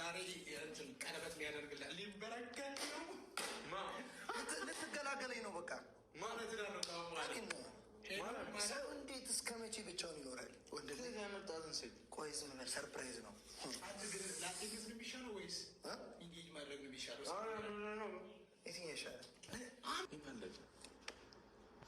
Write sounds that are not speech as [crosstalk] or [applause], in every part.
ዛሬ ቀለበት ሊያደርግልህ ሊበረከት ነው። ልትገላገለኝ ነው በቃ ማለት ሰው እንዴት እስከ መቼ ብቻውን ይኖራል? ወንድመጣትን ሴት ቆይ ዝም በል፣ ሰርፕራይዝ ነው። ማድረግ ነው የሚሻለው። የትኛው ይሻላል?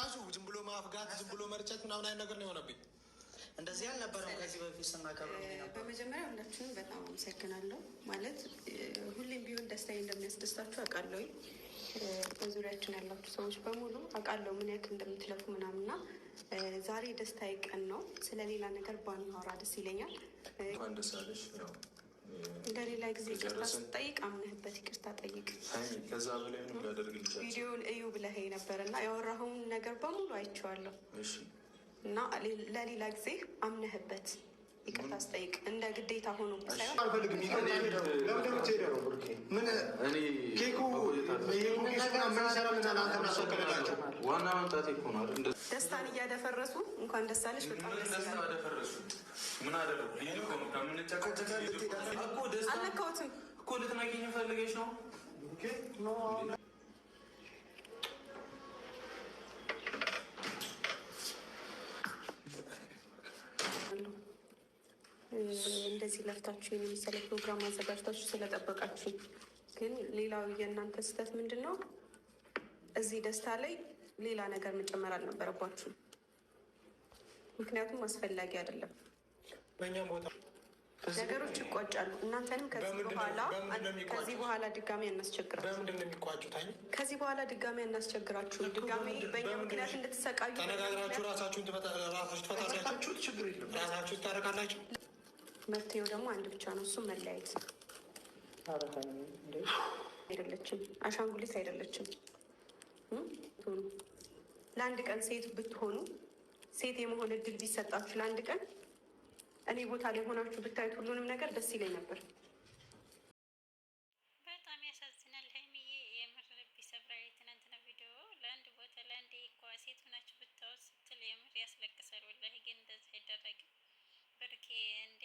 ራሱ ዝም ብሎ ማፍጋት፣ ዝም ብሎ መርጨት ምናምን አይነት ነገር ነው የሆነብኝ። እንደዚህ አልነበረም ከዚህ በፊት ስናከብረው። በመጀመሪያ ሁላችንም በጣም አመሰግናለሁ። ማለት ሁሌም ቢሆን ደስታዬ እንደሚያስደስታችሁ አውቃለሁ። በዙሪያችን ያላችሁ ሰዎች በሙሉ አውቃለሁ ምን ያክል እንደምትለፉ ምናምንና ዛሬ ደስታዬ ቀን ነው። ስለሌላ ነገር ባናወራ ደስ ይለኛል። ደስ አለሽ። ለሌላ ጊዜ ይቅርታ ስጠይቅ አምነህበት ይቅርታ ጠይቅ። ከዛ በላይ ምን ቪዲዮውን እዩ ብለህ ነበር እና ያወራኸውን ነገር በሙሉ አይቼዋለሁ እና ለሌላ ጊዜ አምነህበት ይቅርታ ስጠይቅ እንደ ግዴታ ሆኖ ደስታን እያደፈረሱ እንኳን ደስ አለሽ በጣም ደስ ምን አደረጉ? ፈልገሽ ነው። እንደዚህ ለፍታችሁ ፕሮግራም አዘጋጅታችሁ ስለጠበቃችሁ፣ ግን ሌላው የእናንተ ስህተት ምንድን ነው? እዚህ ደስታ ላይ ሌላ ነገር መጨመር አልነበረባችሁ። ምክንያቱም አስፈላጊ አይደለም። በእኛም ቦታ ነገሮች ይቋጫሉ። እናንተንም ከዚህ በኋላ ከዚህ በኋላ ድጋሚ አናስቸግራችሁ። በምንድን ነው የሚቋጩት? ከዚህ በኋላ ድጋሚ አናስቸግራችሁ። ድጋሚ በእኛ ምክንያት እንድትሰቃዩ ተነጋግራችሁ ራሳችሁን ትፈታላችሁ። ችግር የለም ራሳችሁ ትታረቃላችሁ። መፍትሄው ደግሞ አንድ ብቻ ነው፣ እሱም መለያየት። አይደለችም፣ አሻንጉሊት አይደለችም። ለአንድ ቀን ሴት ብትሆኑ ሴት የመሆን እድል ቢሰጣችሁ ለአንድ ቀን እኔ ቦታ ላይ ሆናችሁ ብታዩት ሁሉንም ነገር ደስ ይለኝ ነበር። በጣም ያሳዝናል። ሀይሚዬ የምር ልብ ይሰብራል። የትናንትና ቪዲዮ ለአንድ ቦታ ለአንድ ሴት ሆናችሁ ብታወት ስትል የምር ያስለቅሳል። ወላሂ ግን እንደዚህ አይደረግም። ብርኬ እንዴ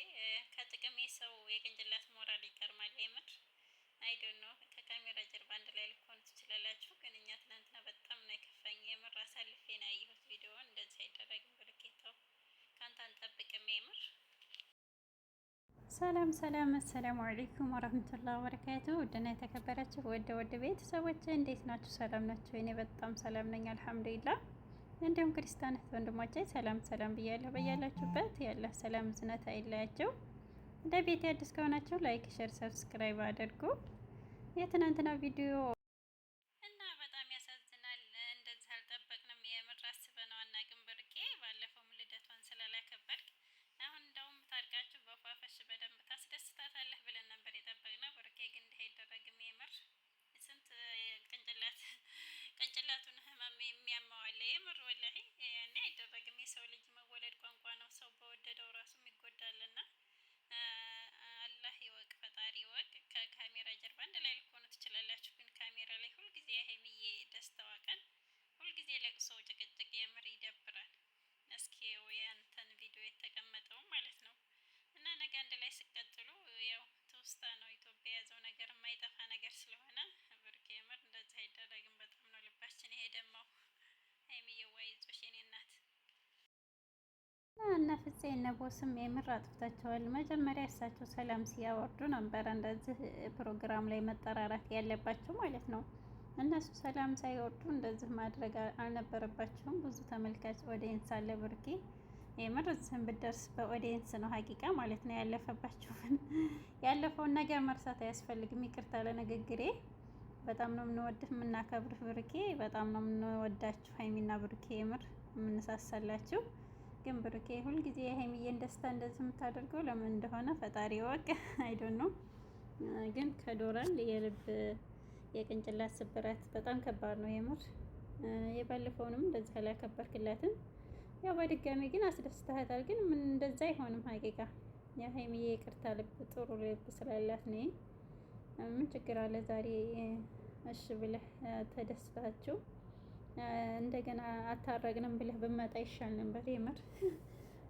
የቅንጭላት ሞራል የምር አይዶን ነው። ከካሜራ ጀርባ አንድ ላይ ትችላላችሁ። ግን እኛ ትናንትና በጣም ነው የከፋኝ። የምር አሳልፌ ነው ያየሁት ቪዲዮን። እንደዚህ አይደረግም። ብርኬ ተው፣ ከአንተ አንጠብቅም የምር ሰላም ሰላም፣ አሰላሙ አለይኩም ወረህመቱላሂ ወበረካቱ። ውድና የተከበራችሁ ወደ ወደ ቤተሰቦች እንዴት ናችሁ? ሰላም ናቸው? እኔ በጣም ሰላም ነኝ አልሐምዱሊላህ። እንዲሁም ክርስቲያን ወንድሞቼ ሰላም ሰላም ብያለሁ። በያላችሁበት ያለ ሰላም ዝነት አይለያቸው። እንደ ቤት አዲስ ከሆናችሁ ላይክ፣ ሸር፣ ሰብስክራይብ አድርጉ። የትናንትና ቪዲዮ ጋር አንድ ላይ ስቀጥሉ ያው ትውስታ ነው። ኢትዮጵያ የያዘው ነገር የማይጠፋ ነገር ስለሆነ ብሩኬ የምር እንደዚህ አይደረግም። በጣም ነው ልባችን ይሄ የኔ እናት እና ፍፄ እነ ቦስም የምር አጥፍታቸዋል። መጀመሪያ እሳቸው ሰላም ሲያወርዱ ነበር እንደዚህ ፕሮግራም ላይ መጠራራት ያለባቸው ማለት ነው። እነሱ ሰላም ሳይወርዱ እንደዚህ ማድረግ አልነበረባቸውም። ብዙ ተመልካች ኦዲየንስ አለ ብሩኬ የምር ስንብደርስ በኦዲየንስ ነው ሀቂቃ ማለት ነው። ያለፈባችሁን [laughs] ያለፈውን ነገር መርሳት አያስፈልግም። ይቅርታ ለንግግሬ። በጣም ነው የምንወድህ የምናከብርህ ብሩኬ። በጣም ነው የምንወዳችሁ ሀይሚና ብሩኬ፣ የምር የምንሳሳላችሁ። ግን ብሩኬ ሁልጊዜ የሀይሚዬን ደስታ እንደዚህ የምታደርገው ለምን እንደሆነ ፈጣሪ ወቅ [laughs] አይዶን ነው። ግን ከዶራል የልብ የቅንጭላት ስብራት በጣም ከባድ ነው የምር። የባለፈውንም እንደዚህ አላከበርክላትም ያው በድጋሚ ግን አስደስተሃታል። ግን ምን እንደዛ አይሆንም። ሀቂቃ የሀይሚዬ ይቅርታ ልብ ጥሩ ልብ ስላላት ነ ምን ችግር አለ? ዛሬ እሺ ብለህ ተደስታችሁ እንደገና አታረግንም ብለህ ብመጣ ይሻል ነበር የምር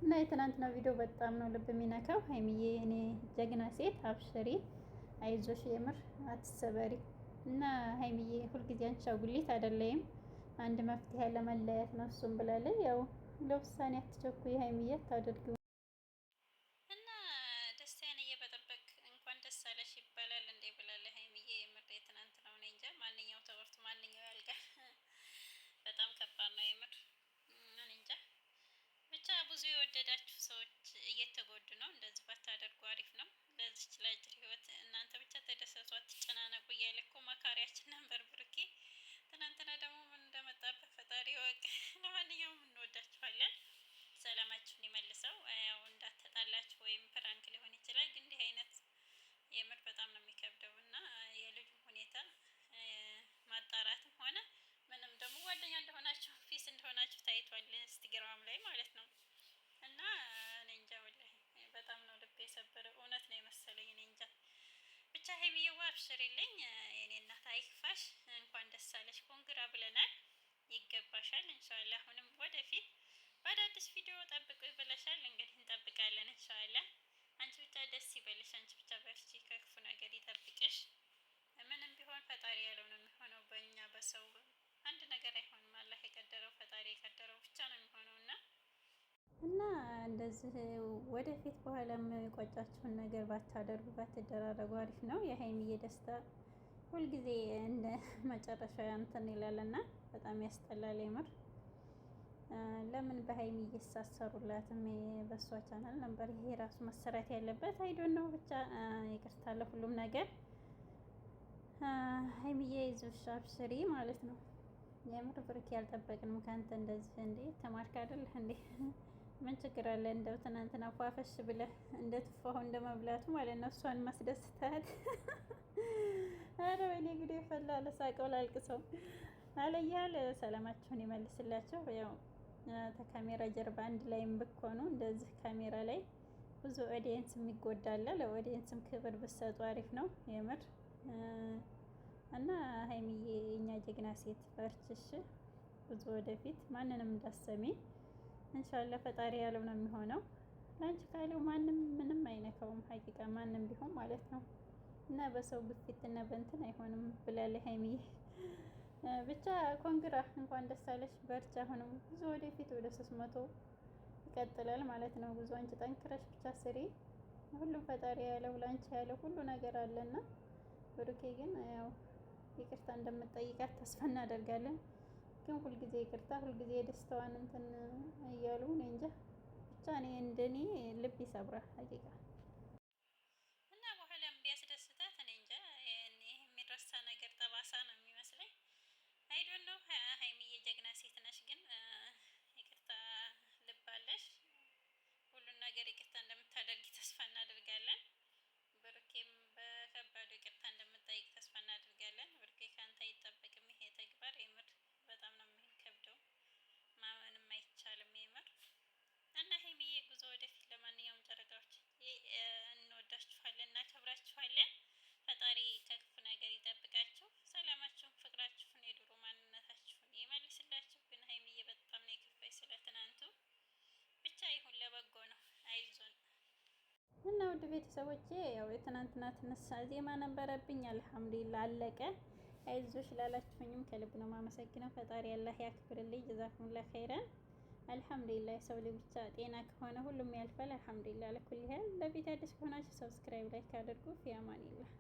እና የትናንትና ቪዲዮ በጣም ነው ልብ የሚነካው። ሀይሚዬ እኔ ጀግና ሴት አብሽሪ፣ አይዞሽ፣ የምር አትሰበሪ። እና ሀይሚዬ ሁልጊዜ አንቺ አጉሊት አይደለይም አንድ መፍትሄ ለመለያየት ነው እሱም ብላለን ያው ለውሳኔ አትቸኩይ ሀይሚዬ፣ አታደርጊው እና ደስታዬን እየበጠበቅ እንኳን ደስ አለሽ ይባላል እንዴ ብላለ ሀይሚዬ። የምር ነው እንጃ ማንኛው ተወርቱ ማንኛው ያልጋ በጣም ከባድ ነው የምር እንጃ። ብቻ ብዙ የወደዳችሁ ሰዎች እየተጎዱ ነው። እንደዚህ ባታደርጉ አሪፍ ነው። ለዚች ለአጭር ህይወት እናንተ ብቻ ተደሰቱ፣ አትጨናነቁ እያለ እኮ መካሪያችን ነበር ብሩኬ። ትናንትና ደግሞ ምን እንደመጣበት ፈጣሪ ወቅ ሰላማችሁን ይመልሰው። ያው እንዳትጣላችሁ ወይም ፕራንክ ሊሆን ይችላል። ግን እንዲህ አይነት የምር በጣም ነው የሚከብደው እና የልጁ ሁኔታ ማጣራትም ሆነ ምንም ደግሞ ጓደኛ እንደሆናችሁ ፊስ እንደሆናችሁ ታይቷል፣ ኢንስታግራም ላይ ማለት ነው። እና እኔ እንጃ ወላሂ በጣም ነው ልብ የሰበረው። እውነት ነው የመሰለኝ። እኔ እንጃ ብቻ ሀይሚዬዋ አብሽሪልኝ የኔ እናት፣ አይክፋሽ። እንኳን ደስ አለሽ፣ ኮንግራ ብለናል። ይገባሻል። እንሻላ አሁንም ወደፊት በአዳዲስ ቪዲዮ ጠብቁ ይበለሻል። እንግዲህ እንጠብቃለን እንሻለን። አንቺ ብቻ ደስ ይበልሽ፣ አንቺ ብቻ በርቺ፣ ከክፉ ነገር ይጠብቅሽ። ምንም ቢሆን ፈጣሪ ያለው ነው የሚሆነው። በእኛ በሰው አንድ ነገር አይሆንም። አላህ የቀደረው ፈጣሪ የቀደረው ብቻ ነው የሚሆነው እና እና እንደዚህ ወደፊት በኋላ የሚቆጫችሁን ነገር ባታደርጉ ባትደራረጉ አሪፍ ነው። የሀይሚዬ ደስታ ሁልጊዜ እንደ መጨረሻ እንትን ይላልና በጣም ያስጠላል የምር ለምን በሀይሚ እየተሳሰሩላትም በሷ ቻናል ነበር። ይሄ ራሱ መሰራት ያለበት አይዶን ነው። ብቻ ይቅርታ ለሁሉም ነገር ሀይሚዬ፣ ይዞሽ አብሽሪ ማለት ነው። የምር ብርክ ያልጠበቅንም ከአንተ እንደዚህ እንዴ ተማርክ አይደለህ እንዴ? ምን ችግር አለ? እንደው ትናንትና ፏፈሽ ብለህ እንደ ትፋሁ እንደ መብላቱ ማለት ነው። እሷን ማስደስታት አረ ወይኔ ጉዴ ፈላ። ለሳቀው ላልቅ ሰው አለ አለያል ሰላማችሁን ይመልስላቸው ያው ከካሜራ ጀርባ አንድ ላይም ብትሆኑ እንደዚህ ካሜራ ላይ ብዙ ኦዲየንስ የሚጎዳለ ለኦዲየንስም ክብር ብሰጡ አሪፍ ነው የምር እና ሀይሚዬ የእኛ ጀግና ሴት በርችሽ ብዙ ወደፊት ማንንም እንዳሰሚ እንሻላ ፈጣሪ ያለው ነው የሚሆነው ላንቺ ካለው ማንም ምንም አይነካውም ሀቂቃ ማንም ቢሆን ማለት ነው እና በሰው ግፊት እና በእንትን አይሆንም ብላለ ሀይሚዬ ብቻ ኮንግራ እንኳን ደስ አለሽ። በርቺ። አሁንም ጉዞ ወደፊት ወደ ሶስት መቶ ይቀጥላል ማለት ነው። ጉዞ አንቺ ጠንክረሽ ብቻ ስሪ። ሁሉም ፈጣሪ ያለው ላንቺ ያለው ሁሉ ነገር አለና ብሩኬ ግን ያው ይቅርታ እንደምጠይቃት ተስፋ እናደርጋለን። ግን ሁልጊዜ ይቅርታ ሁልጊዜ ደስታዋን እንትን እያሉ እኔ እንጃ ብቻ እኔ እንደኔ ልብ ይሰብራል ሀቂቃ ነገር ይቅርታ እንደምታደርግ ተስፋ እናደርጋለን። ብሩኬም በከባዱ ይቅርታ እንደምጠይቅ ተስፋ እናደርጋለን። ብሩኬ ከአንተ አይጠበቅም ይሄ ተግባር። የምር በጣም ነው የሚከብደው፣ ማመንም አይቻልም የምር እና ሀይሚዬ ጉዞ ወደፊት። ለማንኛውም ጨረቃዎች እንወዳችኋለን፣ እናከብራችኋለን። ፈጣሪ ከክፉ ነገር ይጠብቃችሁ። ሰላማችሁን፣ ፍቅራችሁን፣ የድሮ ማንነታችሁን ይመልስላችሁ። አይዞን እና ውድ ቤተሰቦቼ ያው የትናንትና ትንሳ ዜማ ነበረብኝ። አልሐምዱሊላ አለቀ። አይዞሽ ላላችሁኝም ከልብ ነው ማመሰግነው። ፈጣሪ አላህ ያክብርልኝ። ጀዛኩሙላ ኸይረን። አልሐምዱሊላ የሰው ልጅ ብቻ ጤና ከሆነ ሁሉም ያልፋል። አልሐምዱሊላ ለኩል ያህል ለቤት አዲስ ከሆናችሁ ሰብስክራይብ ላይክ ካደርጉ ፊያማኒላ